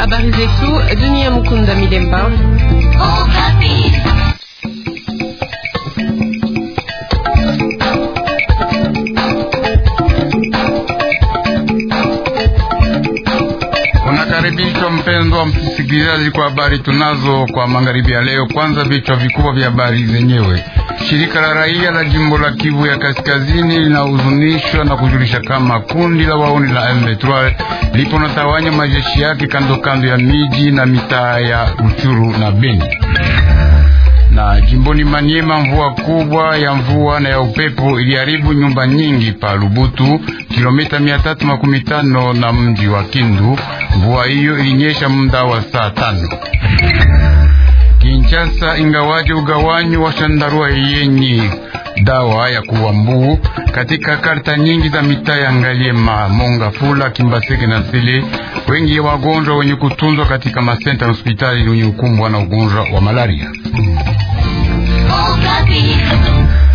Habari zetu dunia. Mukunda Milemba. Unakaribishwa mpendwa msikilizaji, kwa habari tunazo kwa magharibi ya leo. Kwanza vichwa vikubwa vya habari zenyewe. Shirika la raia la jimbo la Kivu ya kaskazini linahuzunishwa na kujulisha kama kundi la wauni la M23 lipo na tawanya majeshi yake kando kando ya miji na mitaa ya Uchuru na Beni. Na jimboni manyema mvua kubwa ya mvua na ya upepo iliharibu nyumba nyingi pa Lubutu, kilomita 315 na mji wa Kindu. Mvua hiyo ilinyesha muda wa saa tano. Kinshasa, ingawaje ugawanyi wa chandarua yenye dawa ya kuwa mbuu katika karta nyingi za mitaa ya Ngaliema, fula Kimbaseke na Sele. Wengi wagonjwa wenye kutunzwa katika masenta na hospitali wenye ukumbwa na ugonjwa wa malaria. Oh,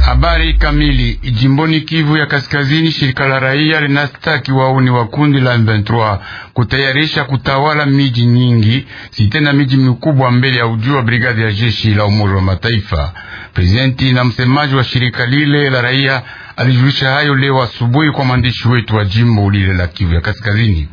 Habari kamili jimboni Kivu ya Kaskazini, shirika la raia linastaki wauni wa kundi la M23 kutayarisha kutawala miji nyingi si tena miji mikubwa mbele ya ujio wa brigadi ya jeshi la Umoja wa Mataifa. Prezidenti na msemaji wa shirika lile la raia alijulisha hayo leo asubuhi kwa mwandishi wetu wa jimbo lile la Kivu ya Kaskazini.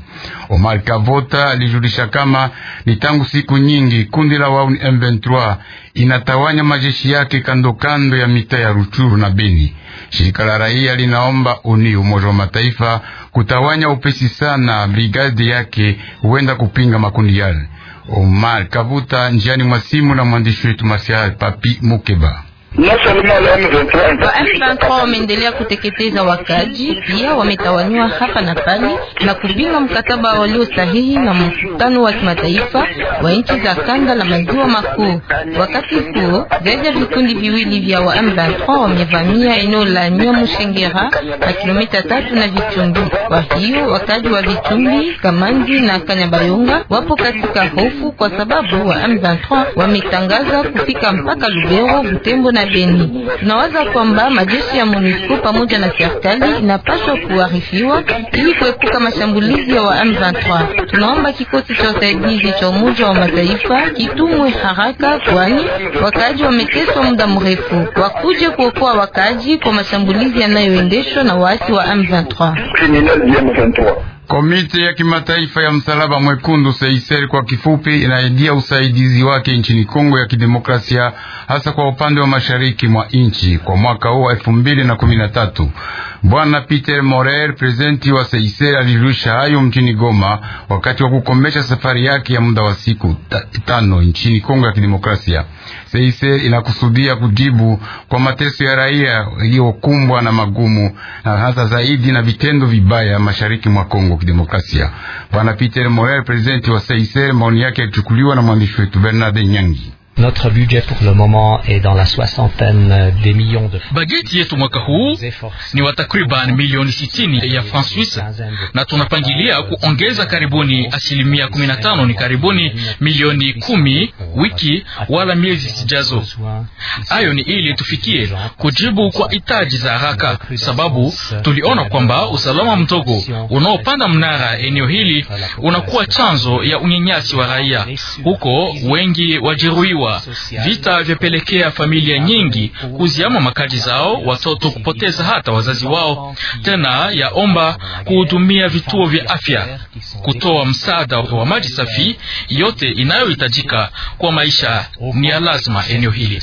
Omar Kavota alijulisha kama ni tangu siku nyingi kundi la wauni M23 inatawanya majeshi yake kando kando ya mitaa ya Ruchuru na Beni. Shirika la raia linaomba uni Umoja wa Mataifa kutawanya upesi sana brigadi yake huenda kupinga makundi yale. Omar Kavuta njiani mwa simu na mwandishi wetu Marsial Papi Mukeba wam23 wameendelea kuteketeza wakaji, pia wametawanywa hapa na pale na kupinga mkataba waliosahihi na mkutano wa kimataifa wa nchi za kanda la maziwa makuu. Wakati huo zaidi ya vikundi viwili vya wa M23 wamevamia eneo la Nyamu Shengera na kilomita tatu na Vichumbi. Kwa hiyo wakaji wa Vichumbi, Kamanzi na Kanyabayonga wapo katika hofu kwa sababu wa M23 wametangaza kufika mpaka Lubero, Butembo na la Beni. Tunawaza kwamba majeshi ya MONUSCO pamoja na serikali inapaswa kuarifiwa ili kuepuka mashambulizi ya wa M23. Tunaomba kikosi cha usaidizi cha Umoja wa Mataifa kitumwe haraka, kwani wakaji wameteswa muda mrefu, wakuje kuokoa wakaji kwa mashambulizi yanayoendeshwa na waasi wa M23. Komite ya kimataifa ya msalaba mwekundu Seiseri kwa kifupi, inaidia usaidizi wake nchini Kongo ya Kidemokrasia, hasa kwa upande wa mashariki mwa nchi kwa mwaka huu wa elfu mbili na kumi na tatu. Bwana Peter Morel, prezidenti wa Seise, alijulisha hayo mjini Goma wakati wa kukomesha safari yake ya muda wa siku tano nchini Kongo ya Kidemokrasia. Seise inakusudia kujibu kwa mateso ya raia iliyokumbwa na magumu na hasa zaidi na vitendo vibaya mashariki mwa Kongo Kidemokrasia. Bwana Peter Morel, prezidenti wa Seise, maoni yake yalichukuliwa na mwandishi wetu Bernard Nyangi. Notre budget pour le moment est dans la soixantaine euh, des millions de francs. Bajeti yetu mwaka huu ni wa takriban milioni sitini ya francs Swiss na tunapangilia kuongeza karibuni asilimia 15 ni karibuni milioni kumi wiki wala miezi zijazo. Hayo ni ili tufikie kujibu kwa hitaji za haraka, sababu tuliona kwamba usalama mdogo unaopanda mnara eneo hili unakuwa chanzo ya unyenyasi wa raia huko, wengi wajeruhiwa kuwa vita vyapelekea familia nyingi kuziama makazi zao, watoto kupoteza hata wazazi wao. Tena yaomba kuhudumia vituo vya afya, kutoa msaada wa maji safi, yote inayohitajika kwa maisha ni ya lazima eneo hili.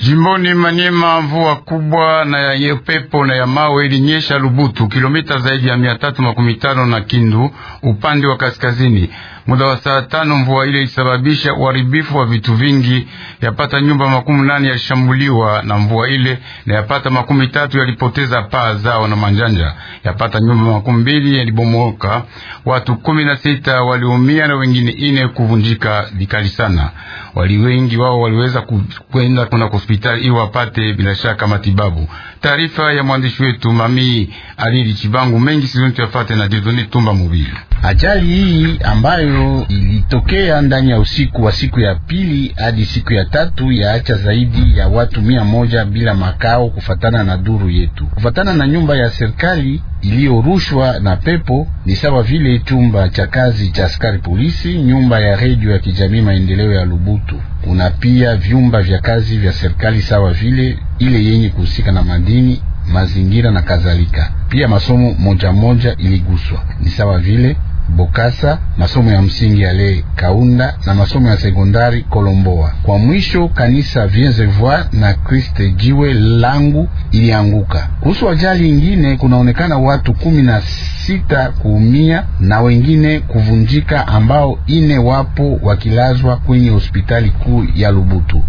Jimboni Maniema mvua kubwa na ya upepo na ya mawe ilinyesha Lubutu, kilomita zaidi ya mia tatu makumi tano na Kindu upande wa kaskazini muda wa saa tano mvua ile isababisha uharibifu wa vitu vingi, yapata nyumba makumi nane yalishambuliwa na mvua ile, na yapata makumi tatu yalipoteza paa zao na manjanja, yapata nyumba makumi mbili yalibomoka, watu kumi na sita waliumia na wengine ine kuvunjika vikali sana. Wali wengi wao waliweza kwenda kuna hospitali ili wapate bila shaka matibabu. Taarifa ya mwandishi wetu Mami Alili Chibangu mengi sizontu yafate na Dieudonne Tumba mobili Ajali hii ambayo ilitokea ndani ya usiku wa siku ya pili hadi siku ya tatu yaacha zaidi ya watu mia moja bila makao, kufatana na duru yetu, kufatana na nyumba ya serikali iliyorushwa na pepo ni sawa vile chumba cha kazi cha askari polisi, nyumba ya redio ya kijamii maendeleo ya Lubutu. Kuna pia vyumba vya kazi vya serikali sawa vile ile yenye kuhusika na madini, mazingira na kadhalika. Pia masomo moja moja iliguswa ni sawa vile Bokasa, masomo ya msingi ya Le Kaunda na masomo ya sekondari Kolomboa. Kwa mwisho, kanisa Vienzevoir na Kriste jiwe langu ilianguka. Kuhusu ajali ingine, kunaonekana watu kumi na sita kuumia na wengine kuvunjika, ambao ine wapo wakilazwa kwenye hospitali kuu ya Lubutu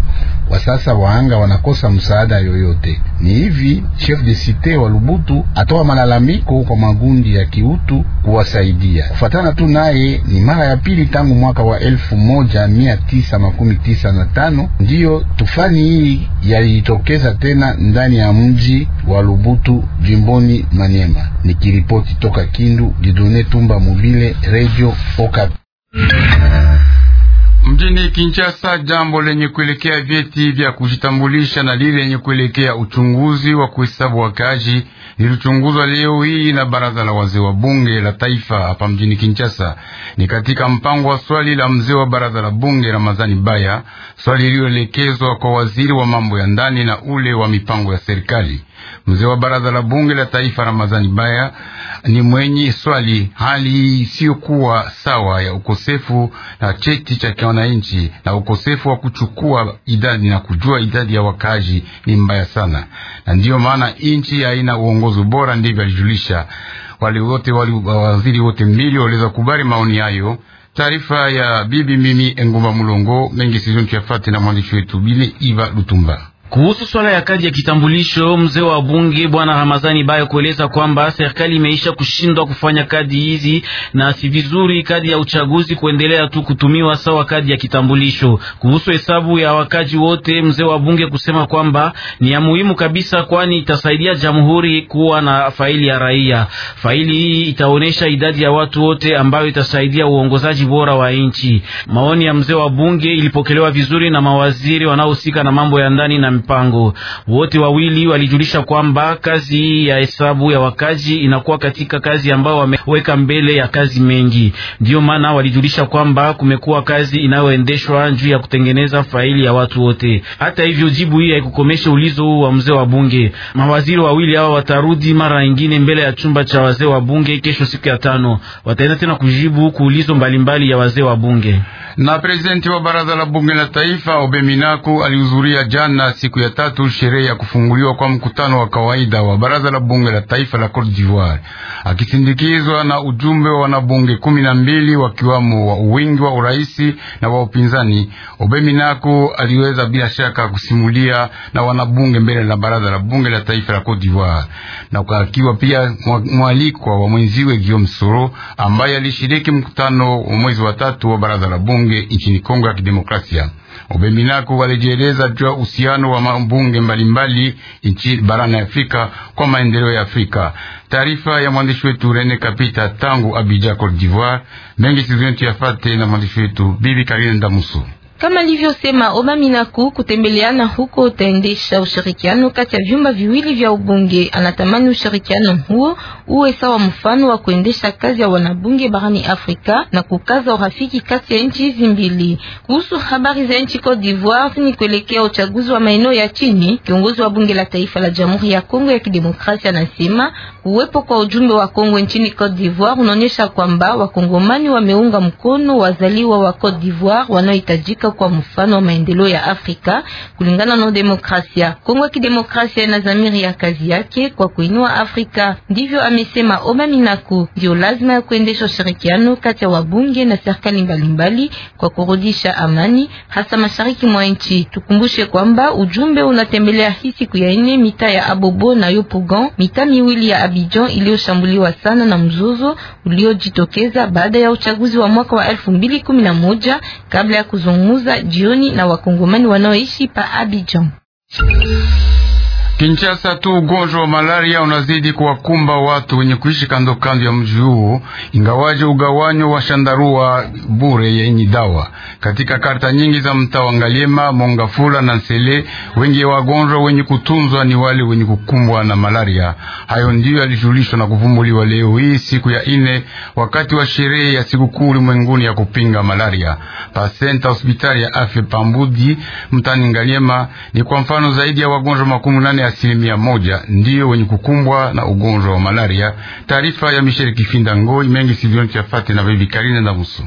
kwa sasa waanga wanakosa msaada yoyote. Ni hivi chef de cite wa Lubutu atoa malalamiko kwa magundi ya kiutu kuwasaidia. Kufatana tu naye, ni mara ya pili tangu mwaka wa elfu moja mia tisa makumi tisa na tano ndiyo tufani hii yalitokeza tena ndani ya mji wa Lubutu jimboni Manyema. Nikiripoti toka Kindu, Didone Tumba Mobile, Radio Okapi. Mjini Kinshasa, jambo lenye kuelekea vyeti vya kujitambulisha na lile lenye kuelekea uchunguzi wa kuhesabu wakaji lilichunguzwa leo hii na baraza la wazee wa bunge la taifa hapa mjini Kinshasa. Ni katika mpango wa swali la mzee wa baraza la bunge Ramazani Baya, swali lililoelekezwa kwa waziri wa mambo ya ndani na ule wa mipango ya serikali. Mzee wa baraza la bunge la taifa Ramadhani Baya ni mwenye swali hali isiyokuwa sawa ya ukosefu na cheti cha kiwananchi na ukosefu wa kuchukua idadi na kujua idadi ya wakaaji ni mbaya sana, na ndiyo maana nchi haina uongozi bora, ndivyo alijulisha wale wote wali waziri wote mbili waliweza kubali maoni hayo. Taarifa ya bibi mimi Engumba Mulongo mengi sizoni tuyafate na mwandishi wetu bili Iva Lutumba. Kuhusu swala ya kadi ya kitambulisho, mzee wa bunge bwana Ramazani Bayo kueleza kwamba serikali imeisha kushindwa kufanya kadi hizi na si vizuri kadi ya uchaguzi kuendelea tu kutumiwa sawa kadi ya kitambulisho. Kuhusu hesabu ya wakaji wote, mzee wa bunge kusema kwamba ni ya muhimu kabisa, kwani itasaidia jamhuri kuwa na faili ya raia. Faili hii itaonesha idadi ya watu wote ambayo itasaidia uongozaji bora wa nchi. Maoni ya mzee wa bunge ilipokelewa vizuri na mawaziri wanaohusika na mambo ya ndani na mpango. Wote wawili walijulisha kwamba kazi ya hesabu ya wakaji inakuwa katika kazi ambayo wameweka mbele ya kazi mengi. Ndiyo maana walijulisha kwamba kumekuwa kazi inayoendeshwa juu ya kutengeneza faili ya watu wote. Hata hivyo, jibu hii haikukomesha ulizo wa mzee wa bunge. Mawaziri wawili hawa watarudi mara nyingine mbele ya chumba cha wazee wa bunge kesho, siku ya tano, wataenda tena kujibu kuulizo mbalimbali ya wazee wa bunge. Na prezidenti wa baraza la bunge la taifa Obeminaku alihudhuria jana siku ya tatu sherehe ya kufunguliwa kwa mkutano wa kawaida wa baraza la bunge la taifa la Cote d'Ivoire, akisindikizwa na ujumbe wa wanabunge kumi na mbili wakiwamo wa wingi wa uraisi na wa upinzani. Obeminaku aliweza bila shaka kusimulia na wanabunge mbele la baraza la bunge la taifa la Cote d'Ivoire, na akiwa pia mwalikwa wa mwenziwe Guillaume Soro ambaye alishiriki mkutano wa mwezi wa tatu wa baraza la bunge bunge nchini Kongo ya Kidemokrasia. Obeminako walijieleza juu ya uhusiano wa mabunge mbalimbali nchi barani Afrika kwa maendeleo ya Afrika. Taarifa ya mwandishi wetu Rene Kapita tangu Abidjan, Cote d'Ivoire. Mengi sizenti yafate na mwandishi wetu Bibi Karine Ndamusu. Kama alivyosema Minaku, kutembeleana huko utaendesha ushirikiano kati ya vyumba viwili vya ubunge. Anatamani ushirikiano huo uwe sawa mfano wa kuendesha kazi ya wanabunge barani Afrika na kukaza urafiki kati ya nchi hizi mbili. Kuhusu habari za nchi Cote d'Ivoire, ni kuelekea uchaguzi wa maeneo ya chini, kiongozi wa bunge la taifa la Jamhuri ya Kongo ya Kidemokrasia anasema Uwepo kwa ujumbe wa Kongo nchini Cote d'Ivoire unaonyesha kwamba wakongomani wameunga mkono wazaliwa wa Cote d'Ivoire wanaohitajika kwa mfano wa maendeleo ya Afrika kulingana na demokrasia. Kongo ya kidemokrasia ina dhamiri ya kazi yake kwa kuinua Afrika, ndivyo amesema Oma Minaku. Ndio lazima ya kuendesha ushirikiano kati ya wabunge na serikali mbalimbali kwa kurudisha amani hasa mashariki mwa nchi. Tukumbushe kwamba ujumbe unatembelea hii siku ya nne mitaa ya Abobo na Yopougon, mitaa miwili ya Abidjan iliyoshambuliwa sana na mzozo uliojitokeza baada ya uchaguzi wa mwaka wa 2011 kabla ya kuzungumza jioni na wakongomani wanaoishi pa Abidjan. Kinshasa tu ugonjwa wa malaria unazidi kuwakumba watu wenye kuishi kando kando ya mji huo, ingawaje ugawanyo wa shandarua bure yenye dawa katika karta nyingi za mtaa wa Ngaliema, Mongafula na Nsele. Wengi wa wagonjwa wenye kutunzwa ni wale wenye kukumbwa na malaria. Hayo ndiyo yalijulishwa na kuvumbuliwa leo hii siku ya ine, wakati wa sherehe ya sikukuu ulimwenguni ya kupinga malaria pasenta hospitali ya afya Pambudi mtani Ngaliema. Ni kwa mfano zaidi ya wagonjwa makumi nane ya asilimia moja ndiyo wenye kukumbwa na ugonjwa wa malaria. Taarifa ya Michel Kifinda Ngoi mengi sivyonchafate na Bibi Karine na Musu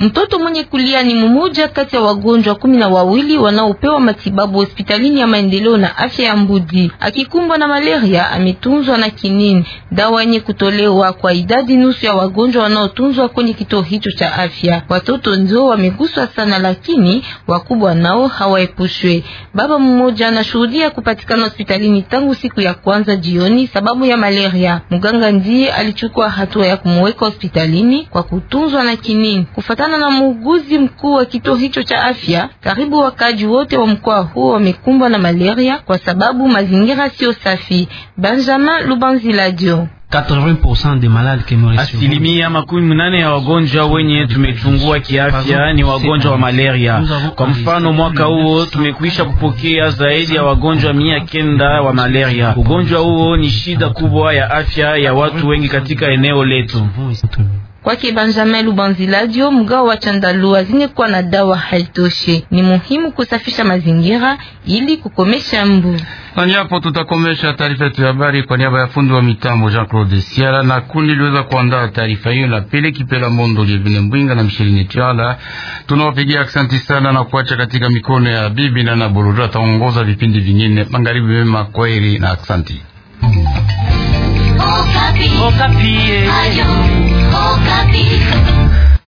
Mtoto mwenye kulia ni mmoja kati ya wagonjwa kumi na wawili wanaopewa matibabu hospitalini ya maendeleo na afya ya Mbudi. Akikumbwa na malaria, ametunzwa na kinini, dawa yenye kutolewa kwa idadi nusu ya wagonjwa wanaotunzwa kwenye kituo hicho cha afya. Watoto ndio wameguswa sana, lakini wakubwa nao hawaepushwe. Baba mmoja anashuhudia kupatikana hospitalini tangu siku ya kwanza jioni sababu ya malaria. Mganga ndiye alichukua hatua ya kumweka hospitalini kwa kutunzwa na kinini. kufata Kulingana na muuguzi mkuu wa kituo hicho cha afya, karibu wakaji wote wa mkoa huo wamekumbwa na malaria kwa sababu mazingira sio safi. Benjamin Lubanziladio Asilimia makumi mnane ya wagonjwa wenye tumechungua kiafya ni wagonjwa wa malaria. Kwa mfano, mwaka huo tumekwisha kupokea zaidi ya wagonjwa mia kenda wa malaria. Ugonjwa huo ni shida kubwa ya afya ya watu wengi katika eneo letu. Kwake Benjamin Lubanziladio, mgao wa chandarua zenye kuwa na dawa haitoshi. Ni muhimu kusafisha mazingira ili kukomesha mbu. Na hapo tutakomesha taarifa yetu ya habari kwa niaba ya fundi wa mitambo Jean Claude Siala na kundi liweza kuandaa taarifa hiyo la Pele Kipela Mondo Lievine Mbwinga na Mshirini Tiala. Tunawapigia asante sana na kuacha katika mikono ya bibi na na Bururu ataongoza vipindi vingine. Magharibi mema, kwaheri na asante. Oh, Mocabico.